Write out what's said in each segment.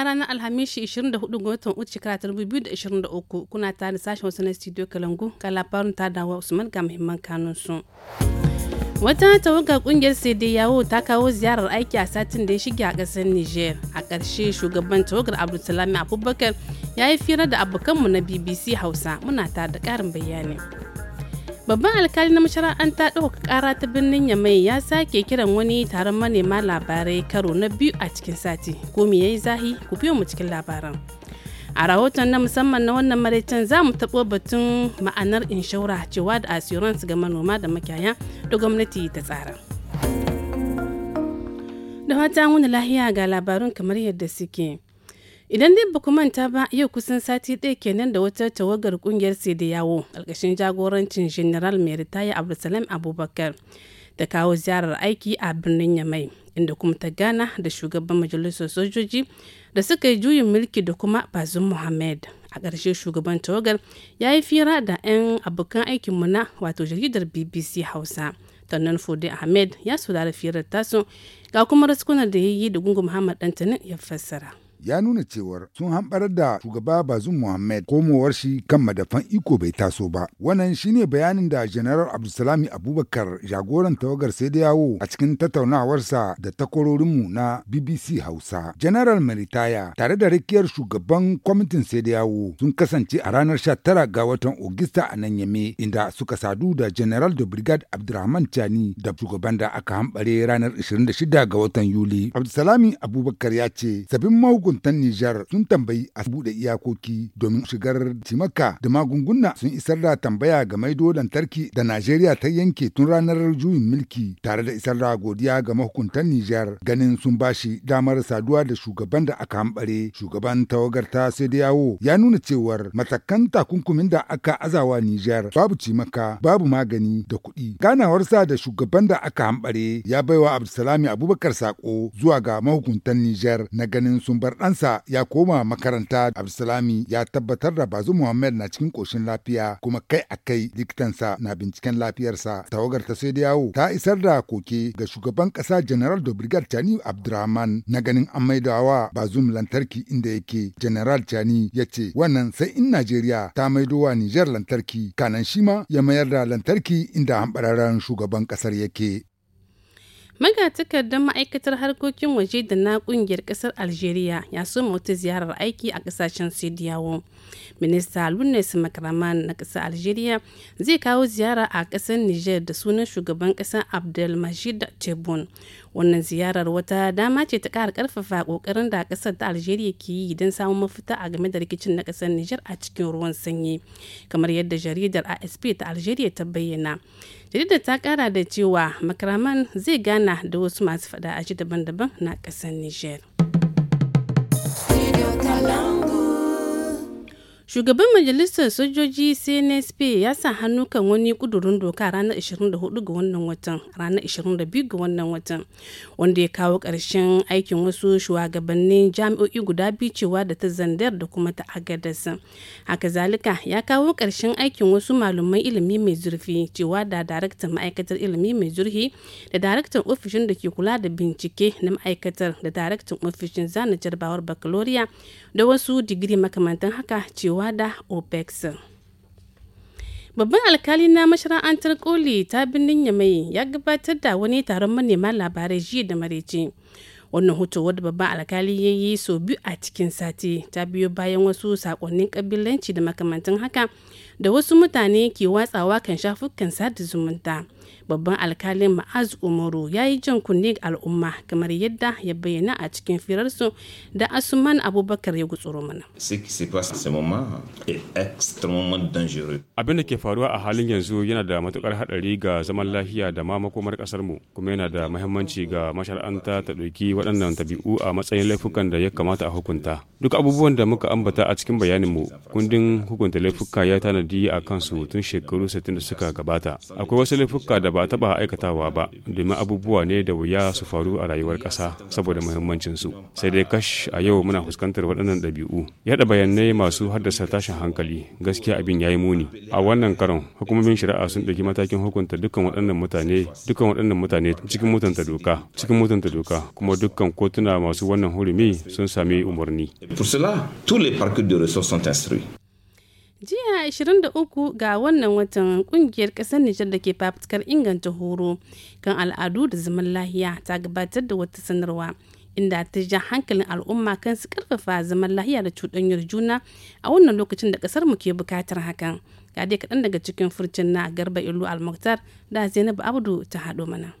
Muna ranar Alhamishi 24 ga watan Uku shekara 2023 kuna tare da sashen wasu na studio Kalangu ga labarin ta dawo Usman ga muhimman kanun su. Wata tawagar kungiyar Sede Yawo ta kawo ziyarar aiki a satin da ya shige a kasar Niger. A karshe shugaban tawagar Abdulsalami Abubakar ya yi fira da abokanmu na BBC Hausa muna tare da ƙarin bayani. babban alkali na mashara'anta ɗauka ƙara ta birnin yamai ya sake kiran wani taron manema labarai karo na biyu a cikin sati ko me yayi zahi ku biyo mu cikin labaran a rahoton na musamman na wannan maraicen za mu taɓo batun ma'anar inshaura cewa da assurance ga manoma da makiyaya da gwamnati ta tsara da wata wani lahiya ga labarun kamar yadda suke idan dai baku manta ba yau kusan sati ɗaya kenan da wata tawagar kungiyar da yawo alkashin jagorancin general mai ritaya abdulsalam abubakar ta kawo ziyarar aiki a birnin yamai inda kuma ta gana da shugaban majalisar sojoji da suka yi juyin mulki da kuma bazin muhammad a ƙarshe shugaban tawagar ya yi fira da 'yan abokan aikin mu na wato jaridar bbc hausa tannan fode ahmed ya saurari firar tasu ga kuma raskunar da ya yi da gungun muhammad dantanin ya fassara ya nuna cewar sun hamɓar da shugaba bazum muhammad komowar shi kan madafan iko bai taso ba wannan shine bayanin da general abdulsalami abubakar jagoran tawagar sai da yawo a cikin tattaunawarsa da mu na bbc hausa general maritaya tare da rikiyar shugaban kwamitin sai da yawo sun kasance a ranar sha tara ga watan ogista a nan yame inda suka sadu da general da brigade abdulrahman chani da shugaban da aka hanbare ranar 26 ga watan yuli abdulsalami abubakar ya ce sabin mahukunta mahukuntan Nijar sun tambayi a buɗe iyakoki domin shigar cimaka da magunguna sun isar da tambaya ga maido lantarki da Najeriya ta yanke tun ranar juyin mulki tare da isar da godiya ga mahukuntan Nijar ganin sun bashi damar saduwa da shugaban da aka hambare shugaban tawagar ta sai da yawo ya nuna cewar matakan takunkumin da aka azawa Nijar babu cimaka babu magani da kuɗi ganawarsa da shugaban da aka hambare ya baiwa Abdulsalami Abubakar sako zuwa ga mahukuntan Nijar na ganin sun bar ɗansa ya koma makaranta Abdulsalami ya tabbatar da Bazu Muhammad na cikin ƙoshin lafiya kuma kai a kai likitansa na binciken lafiyarsa. Tawagar ta sai yawo ta isar da koke ga shugaban ƙasa General da Brigadier Chani Abdurrahman na ganin an maidawa Bazum lantarki inda yake. General Chani ya ce wannan sai in Najeriya ta maidowa Nijar lantarki kanan shi ma ya mayar da lantarki inda hambararren shugaban ƙasar yake. magatakardar ma'aikatar harkokin waje da na kungiyar kasar algeria ya so wata ziyarar aiki a kasashen sidiyawo minista lunes makaraman na kasar algeria zai kawo ziyara a kasar niger da sunan shugaban kasar abdelmajid tebun wannan ziyarar wata dama ce ta kara karfafa kokarin da kasar ta algeria ke yi don samun mafita a game da rikicin na kasar niger a cikin ruwan sanyi kamar yadda jaridar asp ta algeria ta bayyana jarida ta kara da cewa makraman zai gana da wasu masu fada aji daban-daban na ƙasar niger shugaban majalisar sojoji cnsp ya sa hannu kan wani kudurin doka ranar 24 ga wannan watan ranar 22 ga wannan watan wanda ya kawo ƙarshen aikin wasu shugabannin jami'o'i guda biyu cewa da ta zandar da kuma ta agadarsa haka zalika ya kawo ƙarshen aikin wasu malaman ilimi mai zurfi cewa da daraktan ma'aikatar ilimi mai zurfi da daraktan ofishin da ke kula da bincike na ma'aikatar da daraktan ofishin zana jarabawar bakaloriya da wasu digiri makamantan haka cewa ganawa da Babban alkali na mashara'antar koli ta birnin Yamai ya gabatar da wani taron manema labarai jiya da maraice Wannan hoto wadda babban alkali ya yi so biyu a cikin sati ta biyo bayan wasu sakonnin kabilanci da makamantan haka da wasu mutane ke watsawa kan shafukan sada zumunta. babban alkalin ma'az umaru ya yi jan kunne al'umma kamar yadda ya bayyana a cikin firarsu da asuman abubakar ya gutsuro mana abin da ke faruwa a halin yanzu yana da matukar hadari ga zaman lafiya da ma makomar kasar mu kuma yana da mahimmanci ga masharanta ta ɗauki waɗannan tabi'u a matsayin laifukan da ya kamata a hukunta duk abubuwan da muka ambata a cikin bayanin mu kundin hukunta laifuka ya tanadi a kansu tun shekaru 60 da suka gabata akwai wasu laifuka da ba taɓa aikatawa ba domin abubuwa ne da wuya su faru a rayuwar ƙasa saboda muhimmancinsu sai dai kash a yau muna fuskantar waɗannan ɗabi'u yaɗa bayanai masu haddasa tashin hankali gaskiya abin ya yi muni a wannan karon hukumomin shari'a sun ɗauki matakin hukunta dukkan waɗannan mutane dukkan waɗannan mutane cikin mutunta doka cikin mutunta doka kuma dukkan kotuna masu wannan hurumi sun sami umarni. Pour cela, tous de ressources jiya 23 ga wannan watan kungiyar kasar nijar da ke fafutukar inganta horo kan al'adu da zaman lahiya ta gabatar da wata sanarwa inda ta ja hankalin al'umma kan su karfafa zaman lahiya da cuɗanyar juna a wannan lokacin da kasar mu ke bukatar hakan ga dai kaɗan daga cikin furcin na garba ilu al da zainabu abdu ta haɗo mana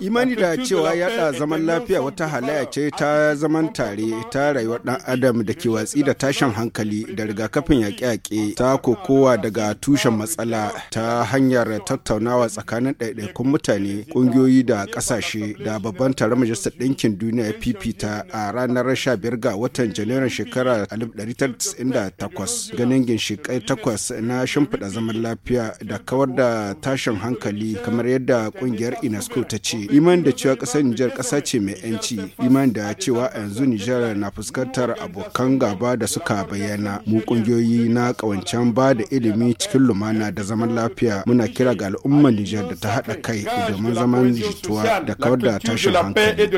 imani da cewa yada eh, zaman eh, lafiya eh, wata halaya ce ta zaman tare ta rayuwar dan adam da ke watsi da tashin hankali da rigakafin yaƙe-yaƙe ta kokowa daga tushen matsala ta hanyar tattaunawa tsakanin ɗaiɗaikun mutane ƙungiyoyi da ƙasashe da babban taron majalisar ɗinkin duniya ya fifita a ranar 15 ga watan janairun shekara 1998 ganin ginshiƙai takwas na shimfiɗa zaman lafiya da kawar da tashin hankali kamar yadda ƙungiyar kungiyar inesco ta ce iman da cewa kasar Nijar kasa ce mai yanci iman da cewa yanzu Nijar na fuskantar abokan gaba da suka bayyana mu kungiyoyi na kawancan ba da ilimi cikin lumana da zaman lafiya muna kira ga al'ummar Nijar da ta haɗa kai domin zaman jituwa da kawar da tashin hankali.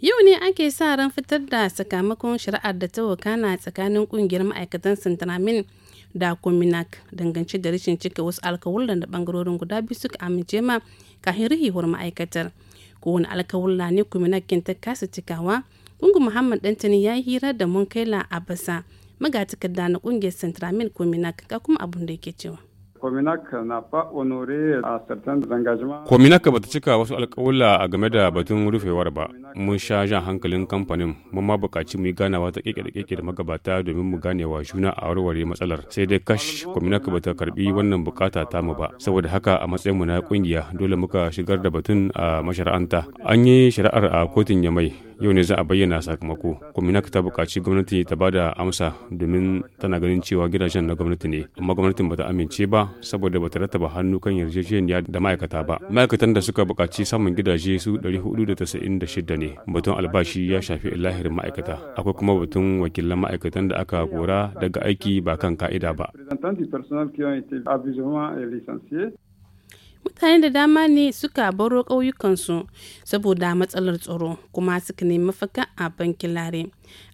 Yau ne ake sa ran fitar da sakamakon shari'ar da ta wakana tsakanin kungiyar ma'aikatan Sintramin da kuminak dangance da rashin cika wasu alkawulan da bangarorin guda biyu suka amince ma kafin rihihuwar ma'aikatar. Kowane alkawulla ne Kominak kin ta kasa cikawa. Gungun Muhammad Dantani ya yi hira da mun basa Abasa da na kungiyar Centramil Kominak ga kuma abun da yake cewa. Kominak na fa onore a certain engagement. Kominak bata cika wasu alƙawula a game da batun rufewar ba. Mun sha jan hankalin kamfanin mun ma buƙaci mu yi ganawa ta ƙeƙe da ƙeƙe da magabata domin mu gane wa juna a warware matsalar. Sai dai kash Kominak bata karbi wannan bukata ta mu ba. Saboda haka a matsayin mu na ƙungiya dole muka shigar da batun a mashara'anta. An yi shari'ar a kotun Yamai yau ne za a bayyana sakamako kwaminak ta buƙaci gwamnati ta ba da amsa domin tana ganin cewa gidajen na gwamnati ne amma gwamnatin bata amince ba saboda bata rattaba hannu kan yarjejeniya da ma'aikata ba ma'aikatan da suka buƙaci samun gidaje su 496 ne batun albashi ya shafi lahirin ma'aikata akwai kuma batun wakilan ma'aikatan da aka kora daga aiki ba kan ka'ida ba mutane da dama ne suka baro ƙauyukansu saboda matsalar tsaro kuma suka nemi mafaka a bankin lare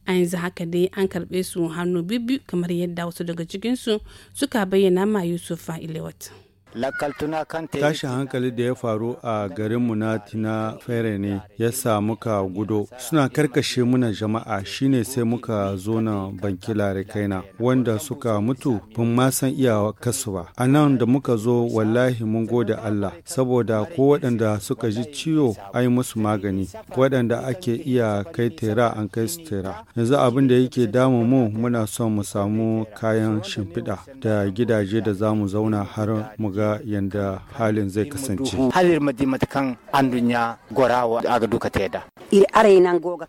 a yanzu haka dai an karɓe su hannu biyu kamar yadda wasu daga cikinsu suka bayyana ma yusuf ilewat. Tashin hankali da ya faru a garinmu na Tina Fere ne ya sa muka gudo. Suna karkashe muna jama'a shine sai muka zo na da kaina wanda suka mutu bin ma san iyawa kasu ba. A nan da muka zo wallahi mun gode Allah saboda ko waɗanda suka ji ciwo ai musu magani waɗanda ake iya kai tera an kai su tera. Yanzu abin da yake damu mu muna son mu samu kayan shimfiɗa da gidaje da za mu zauna har mu ga ga yanda halin zai kasance.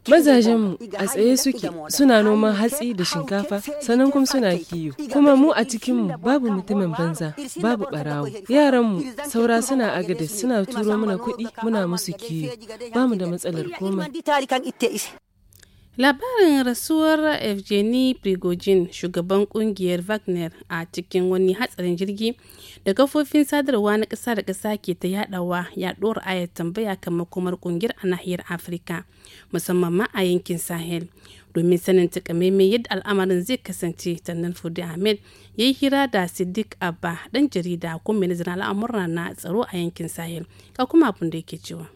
Mazajenmu a tsaye suke suna noman hatsi da shinkafa sannan kuma suna kiyo. Kuma mu a cikin mu babu mutumin banza babu barawo. yaran mu saura suna agada suna turo mana kuɗi muna musu kiyo. Bamu da matsalar komai. labarin rasuwar evgeny prigogine shugaban kungiyar wagner a cikin wani hatsarin jirgi da kafofin sadarwa na ƙasa da ƙasa ke ta yadawa ya ɗora aya tambaya kan makomar kungiyar a nahiyar afirka musamman ma a yankin sahel domin sanin takamaimai yadda al'amarin zai kasance tannan fudu ahmed ya yi hira da siddiq abba ɗan jarida kuma ministan al'amurra na tsaro a yankin sahel ka kuma abin da yake cewa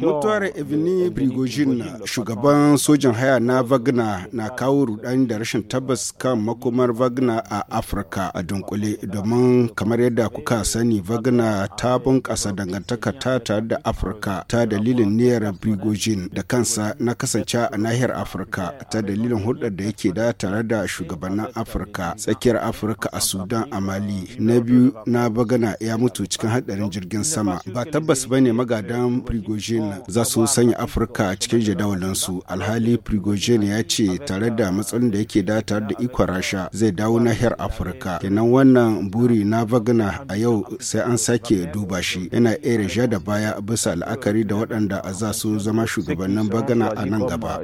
Mutuwar evening Prigozhin shugaban sojan haya na Wagner na kawo rudani da rashin tabbas kan makomar Wagner a Afirka a dunkule domin kamar yadda kuka sani Wagner ta bunkasa dangantaka ta tare da Afirka ta dalilin niyyar Prigozhin da kansa na kasance a nahiyar Afirka ta dalilin hulɗar da yake da tare da shugabannin Afirka tsakiyar Afirka a Sudan a Mali na biyu na Wagner ya mutu cikin haɗarin jirgin sama ba tabbas bane magadan prigogine za su sanya afirka a cikin jadawalinsu alhali prigogine ya ce tare da matsalolin da yake da da ikon rasha zai dawo na nahiyar afirka kenan wannan buri na bagana a yau sai an sake duba shi yana iya da baya bisa la'akari da waɗanda a za su zama shugabannin bagana a nan gaba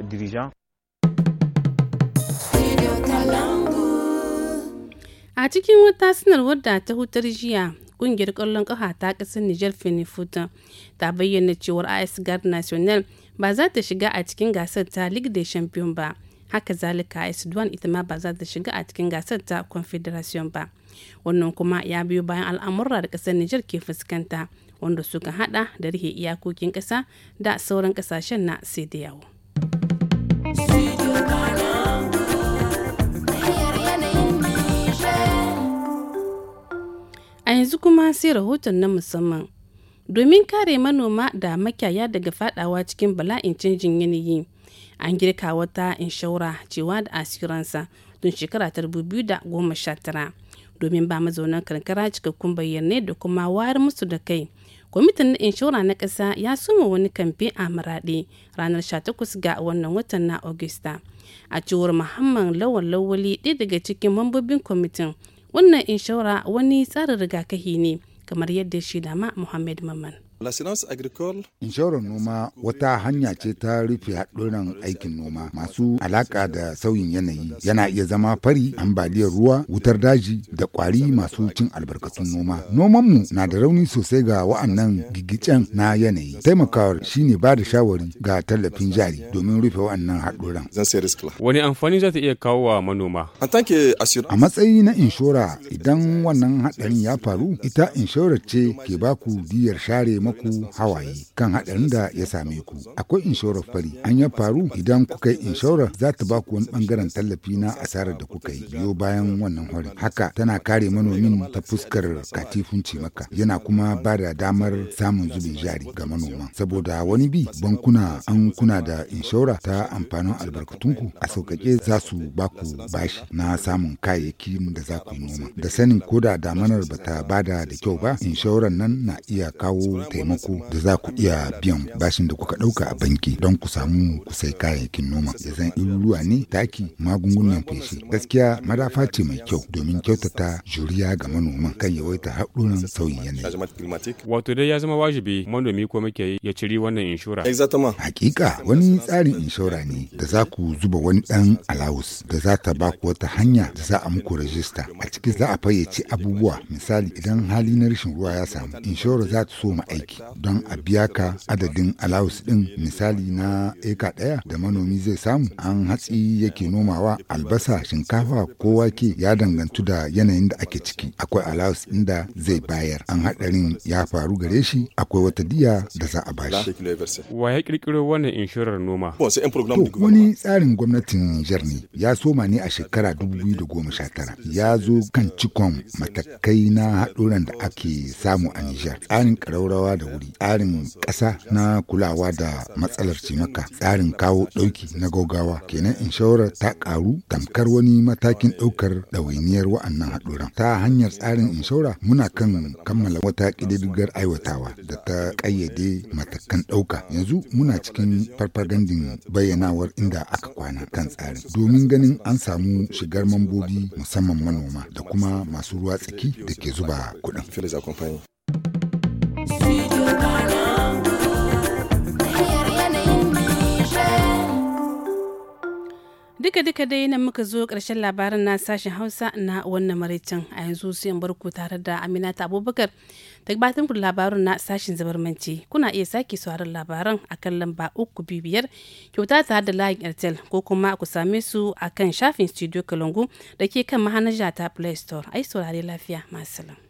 a cikin wata sanarwar da ta hutar jiya kungiyar ƙwallon ƙafa ta ƙasar Nijar Fenifuta ta bayyana cewar AS Guard National ba za ta shiga a cikin gasar ta Ligue des Champions ba. Haka zalika AS Duan ita ma ba za ta shiga a cikin gasar ta Confederation ba. Wannan kuma ya biyo bayan al'amurra da ƙasar Nijar ke fuskanta wanda suka hada da rihe iyakokin ƙasa da sauran ƙasashen na sai da yawo. yanzu kuma sai rahoton na musamman domin kare manoma da makiyaya daga fadawa cikin bala'in canjin yanayi an girka wata inshaura cewa da asiransa tun shekara ta 2019 domin ba mazaunan karkara cikakkun bayanai da kuma wayar musu da kai kwamitin na inshora na ƙasa ya suma wani kamfe a maraɗe ranar 18 ga wannan watan na augusta a cewar muhammad lawan lawali ɗaya daga cikin mambobin kwamitin wannan inshora wani tsarin rigakafi ne kamar yadda shi dama muhammad maman Inshorar noma wata hanya ce ta rufe haɗuran aikin noma masu alaƙa da sauyin yanayi yana iya zama fari ambaliyar ruwa wutar daji da ƙwari masu cin albarkatun noma. Nomanmu na da rauni sosai ga wa'annan gigicen na yanayi. Taimakawar shine ba da shawari ga tallafin jari domin rufe wa'annan haɗuran. Wani amfani za ta iya kawo wa manoma? A matsayi na inshora idan wannan haɗarin ya faru ita inshorar ce ke baku diyar share maku hawaye kan haɗarin da ya same ku. Akwai inshorar fari, an ya faru idan kuka yi inshorar za ta ba ku wani bangaren tallafi na asarar da kuka yi biyo bayan wannan hori. Haka tana kare manomin ta fuskar katifun cimaka yana kuma ba da damar samun zubin jari ga manoma. Saboda wani bi bankuna an kuna da inshora ta amfanin albarkatunku a sauƙaƙe za su ba ku bashi na samun kayayyaki da za ku yi noma. Da sanin koda damanar ba ta ba da kyau ba, inshorar nan na iya kawo taimako da za ku iya biyan bashin da kuka ɗauka a banki don ku samu ku sai kayayyakin noma da zan iruruwa ne taki magungunan feshi gaskiya madafa ce mai kyau domin kyautata juriya ga manoman kan yawaita haɗunan sauyin yanayi. Wato dai ya zama wajibi manomi ko muke ya ciri wannan inshora. Hakika wani tsarin inshora ne da za ku zuba wani ɗan alawus da za ta ba ku wata hanya da za a muku rajista a ciki za a fayyace abubuwa misali idan hali na rashin ruwa ya samu inshora za ta so ma aiki aiki don a biya ka adadin alawus din misali na eka daya. da manomi zai samu an hatsi yake nomawa albasa shinkafa ko wake ya dangantu da yanayin da ake ciki akwai alawus din da zai bayar an hadarin ya faru gare shi akwai wata diya da za a bashi. Wa ya kirkiro wannan inshorar noma? To wani tsarin gwamnatin Nijar ne ya soma ne a shekara 2019 ya zo kan cikon matakai na haɗuran da ake samu a Nijar. Tsarin ƙaraurawa da wuri tsarin ƙasa na kulawa da matsalar cimaka tsarin kawo ɗauki na gaugawa kenan inshorar ta ƙaru tamkar wani matakin ɗaukar ɗawainiyar wa'annan haɗuran ta hanyar tsarin inshora muna kan kammala wata ƙididdigar aiwatawa da ta ƙayyade matakan ɗauka yanzu muna cikin farfagandin bayyanawar inda aka kwana kan tsarin domin ganin an samu shigar mambobi musamman manoma da kuma masu ruwa tsaki da ke zuba kuɗin. duka-duka dai nan muka zo karshen labarin na sashen hausa na wannan maraicin a yanzu sai in barku tare da aminata abubakar ta gabatar da labarin na sashen zabarmanci kuna iya sake sauraron labaran a kan lamba uku biyu biyar kyauta tare da layin airtel ko kuma ku same su a kan shafin studio kalungu da ke kan mahanaja ta play store ai saurare lafiya masu salam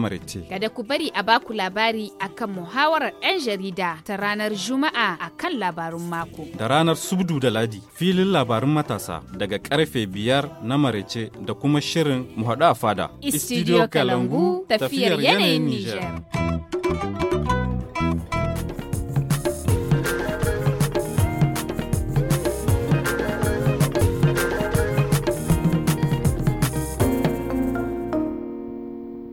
maraice. Kada ku bari a baku labari akan muhawarar 'yan jarida ta ranar Juma'a akan labarun mako. Da ranar Subdu da Ladi filin labarun matasa daga karfe biyar na maraice da kuma shirin muhaɗu a fada. Istidiyo Kalangu tafiyar yanayin Nijar.